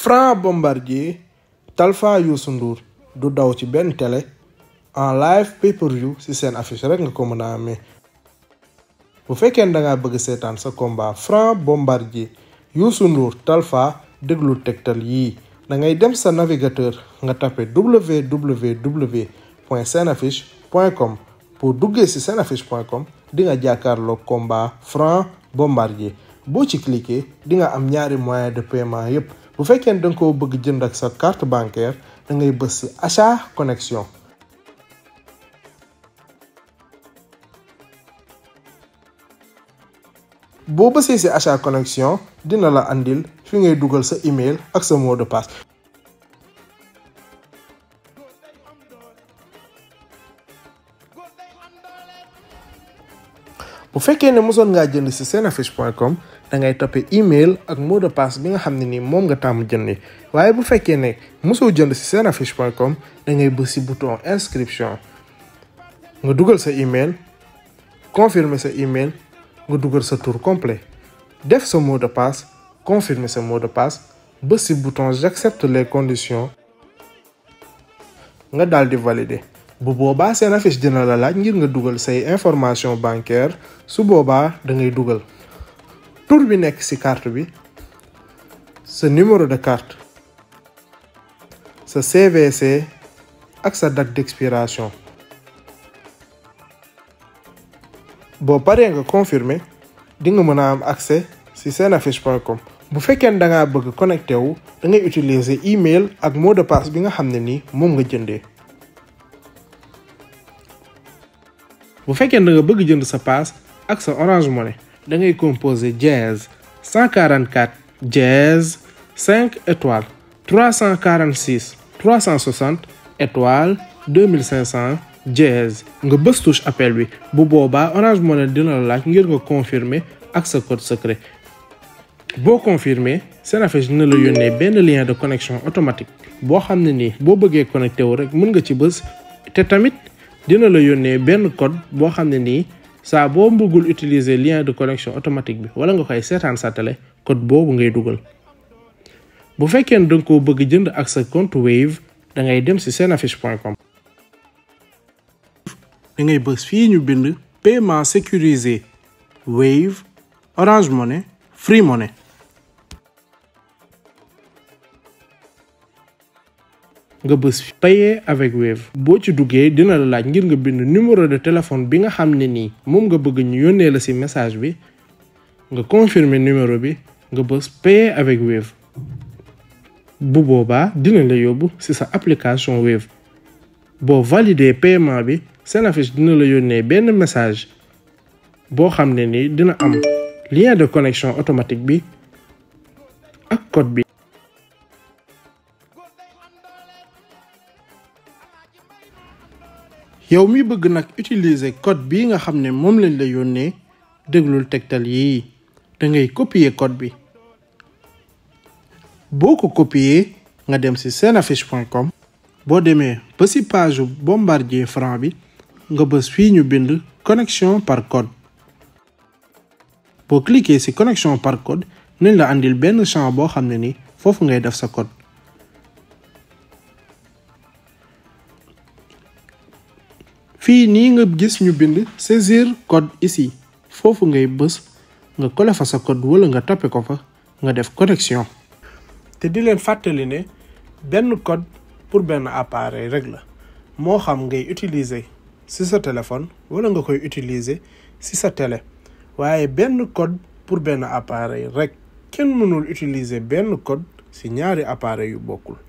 Franc Bombardier Talfa Youssou Ndour du daw ci benn télé en live pay-per-view ci seen affiche rek nga ko mën a amee bu fekkee ne da ngaa bëgg seetaan sa combat Franc Bombardier Youssou Ndour Talfa déglu tegtal yii da ngay dem sa navigateur nga tapé www point senaffiche point com pour duggee ci senaffiche point com di nga jàkkaarloog combat Franc Bombardier boo ci cliquer di nga am ñaari moyen de paiement yépp bu fekkee ne da koo bëgg jënd ak sa carte bancaire da ngay bës si achat connexion boo bësee si achat connexion dina la andil fi ngay dugal sa email ak sa mot de passe bu fekkee ne mosoon ngaa jënd ci senafiche.com da ngay toppee email ak mot de passe bi nga xam ne nii moom nga tàmm jënd waaye bu fekkee ne mosoo jënd ci senafiche.com da ngay bës ci bouton inscription nga dugal sa email confirmer sa email nga dugal sa tour complet def sa mot de passe confirmer sa mot de passe bës ci bouton j'accepte les conditions nga dal di valider. bu boobaa seen affiche dina la laaj ngir nga dugal say information bancaire su boobaa da ngay dugal tur bi nekk ci carte bi sa numéro de carte sa CVC ak sa date d'expiration boo paree nga confirmer di nga mën a am accès ci com bu fekkee ne da ngaa bëgg connecté wu da ngay utiliser email ak mot de passe bi nga xam ne ni moom nga jëndee. bu fekkee da nga bëgg jënd sa paas ak sa orange money da ngay composé dièse 144 dièse 5 étoiles 346 360 étoile 2500 dièse nga bës touche appel bi bu boobaa orange money dina la laaj ngir nga confirmer ak sa code secret boo confirmer Senafis dina la yónnee benn lien de connexion automatique boo xam ne nii boo bëggee connecté wu rek mën nga ci bës te tamit. dina la yónnee benn code boo xam ne nii saa boo bëggul utiliser lien de connexion automatique bi wala nga koy seetaan sa code boobu ngay dugal bu fekkee ne danga ko bëgg jënd ak sa compte Wave da ngay dem ci senaffiche.com da ngay bës fii ñu bind paiement sécurisé Wave Orange Money Free Money nga bës payer avec Wave boo ci duggee dina la laaj ngir nga bind numéro de téléphone bi nga xam ne nii moom nga bëgg ñu yónnee la ci message bi nga confirmer numéro bi nga bës payer avec Wave bu boobaa dina la yóbbu ci sa application Wave boo valider paiement bi Senafis dina la yónnee benn message boo xam ne nii dina am lien de connexion automatique bi ak code bi. yow mi bëgg nag utiliser code bi nga xam ne moom lañ la yónnee déglul tegtal yii da ngay copier code bi boo ko copier nga dem ci senaffiche.com boo demee ba ci page bombardier franc bi nga bës fii ñu bind connexion par code boo cliquer ci connexion par code nañ la indil benn champ boo xam ne ni foofu ngay def sa code fii nii nga gis ñu bind saisir code ici foofu ngay bës nga kole fa sa code wala nga tappe ko fa nga def connexion. te di leen fàttali ne benn code pour benn appareil rek la moo xam ngay utiliser ci sa téléphone wala nga koy utiliser ci sa tele waaye benn code pour benn appareil rek kenn mënul utiliser benn code ci ñaari appareil yu bokkul.